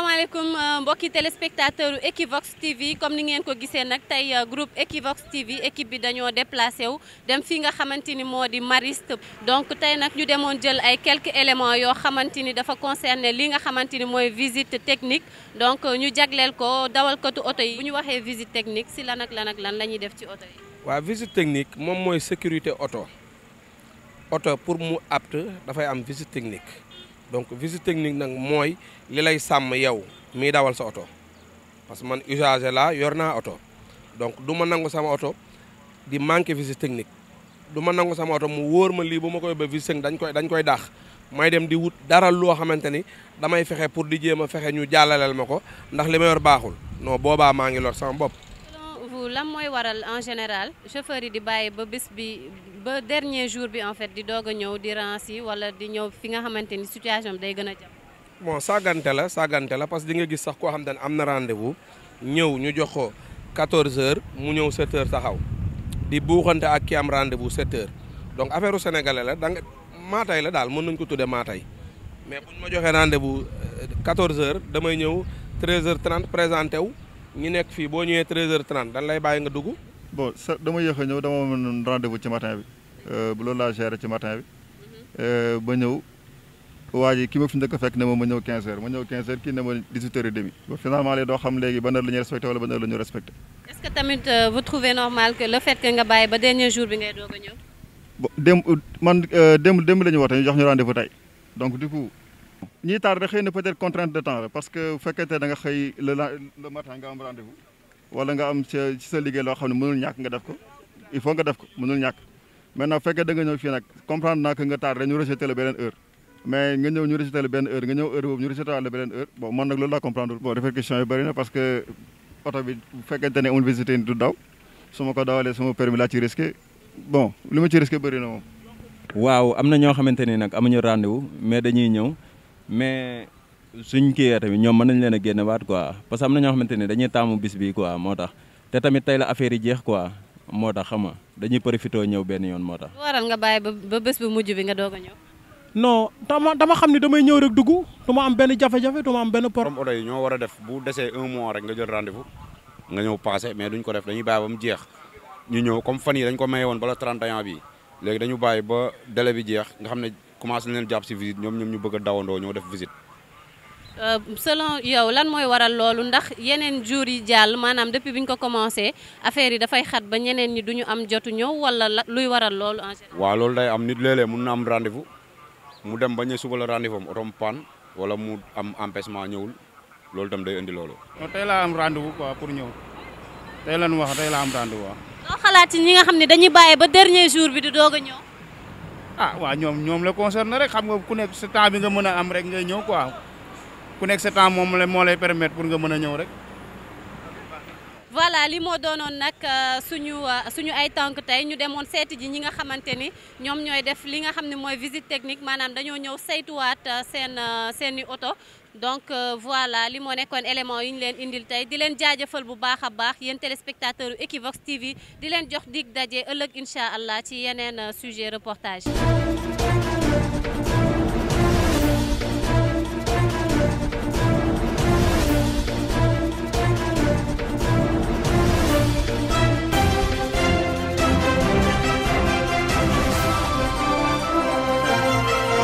asalaamaaleykum euh, mbokki téléspectateur u Equivox TV comme ni ngeen ko gisee nag tey euh, groupe Equivox TV équipe bi dañoo déplacé wu dem fii nga xamante ni moo di Mariste donc tey nag ñu demoon jël ay quelques éléments yoo xamante ni dafa concerné li nga xamante ni mooy visite technique donc ñu jagleel ko dawalkatu oto yi bu ñu waxee visite technique si lan ak lan ak lan la ñuy def ci oto yi waaw visite technique moom mooy sécurité oto oto pour mu apt dafay am visite technique donc visite technique nag mooy li lay sàmm yow miy dawal sa oto parce que man usager laa yor naa oto donc du ma nangu sama oto di manqué visite technique du ma nangu sama oto mu wóor ma lii bu ma koy ba visite dañ koy dañ koy daax may dem di wut dara loo xamante ni damay fexe pour di jéem a fexe ñu jàllaleel ma ko ndax li ma yor baaxul noo boobaa maa ngi lor sama bopp lan mooy waral en général chauffeur yi di bàyyi ba bis bi ba dernier jour bi en fait di doog a ñëw di ransi wala di ñëw fi nga xamante ni situation bi day gën a jàpp. bon saagante la saagante la parce que di nga gis sax koo xam ne am na rendez-vous ñëw ñu jox ko 14h mu ñëw 7h taxaw di buuxante ak ki am rendez-vous 7h donc affaire sénégalais la da maatay la daal mën nañ ko tuddee maatay mais buñ ma joxee rendez-vous 14h euh, ñëw 13h30 wu. ñu nekk fii boo ñëwee 13h30 dan lay bàyyi nga dugg. bon sa dama yéex a ñëw dama mën rendez-vous ci matin bi euh, bu loolu laa géré ci matin bi euh, ba ñëw waa ji ki ma fi njëkk fekk ne moom ma ñëw 15h ma ñëw 15h kii ne ma 18h30 ba finalement doo xam léegi ban heure la ñuy respecté wala ban heure la ñu tamit euh, vous trouvez normal que le fait que nga bàyyi ba dernier jour bi ngay doog a ñëw. bon dem man démb démb la ñu woote ñu jox ñu rendez-vous tey donc ñiy tardé xëy na peut-être contrainte de parce que bu fekkente da nga xëy le le nga am rendez-vous nga am sa sa liggéey loo xam ne mënul ñàkk nga def ko il faut nga def ko mënul ñàkk maintenant bu fekkee da nga ñëw fii nag comprendre naa que nga tardé ñu rejeté la beneen heure mais nga ñëw ñu rejeté la benn heure nga ñëw heure boobu ñu rejeté la beneen heure bon man nag loolu laa comprendre bon répercussions yi bëri parce que oto bi bu fekkente ne amul visité du daw su ma ko dawalee sama permis laa ci risqué bon li ma ci risqué bëri na moom am na ñoo xamante ni nag amuñu rendez-vous mais dañuy ñëw mais suñ kiiyee tamit ñoom mën nañ leen a génne waat quoi parce que am na ñoo xamante ne dañuy taamu bis bi quoi moo tax te tamit tey la affaire yi jeex quoi moo tax xam nga dañuy profité ñëw benn yoon moo tax. waral nga bàyyi ba bés bu mujj bi nga doog a ñëw. non xam ne damay ñëw rek dugg du am benn jafe-jafe du am benn por. comme oto yi ñoo war a def bu desee un mois rek nga jël rendez-vous nga ñëw passé mais duñ ko def dañuy bàyyi ba mu jeex ñu ñëw comme fan yi dañ ko maye woon bala 31 bi léegi dañu bàyyi ba délai bi jeex nga xam ne commencé leen jàpp si visite ñoom ñoom ñu bëgg dawandoo ñoo def visite. Euh, selon yow lan mooy waral loolu ndax yeneen jours yi jàll maanaam depuis bi ñu ko commencé affaire yi dafay xat ba ñeneen ñi du ñu am jotu ñëw wala luy waral loolu en waa loolu day am nit léeg-léeg mun na am rendez-vous mu dem ba ñu suba la rendez-vous am otom panne wala mu am empêchement ñëwul loolu tam day indi loolu. non tey laa am rendez-vous quoi pour ñëw tey lan wax tey laa am rendez-vous waaw. ah waaw ñoom ñoom la concerné rek xam nga ku nekk sa temps bi nga mën a am rek ngay ñëw quoi ku nekk sa temps moom la moo lay permettre pour nga mën a ñëw rek. voilà lii moo doonoon nag euh, suñu euh, suñu ay tànk tey ñu demoon seeti ji ñi nga xamante ni ñoom ñooy def li nga xam ni mooy visite technique maanaam dañoo ñëw saytuwaat euh, seen seen i oto donc euh, voilà li moo nekkoon élément yu ñu leen indil tey di leen jaajëfal bu baax a baax yéen téléspectateurs yu Equivox TV di leen jox dig daje ëllëg incha allah ci yeneen euh, sujet reportage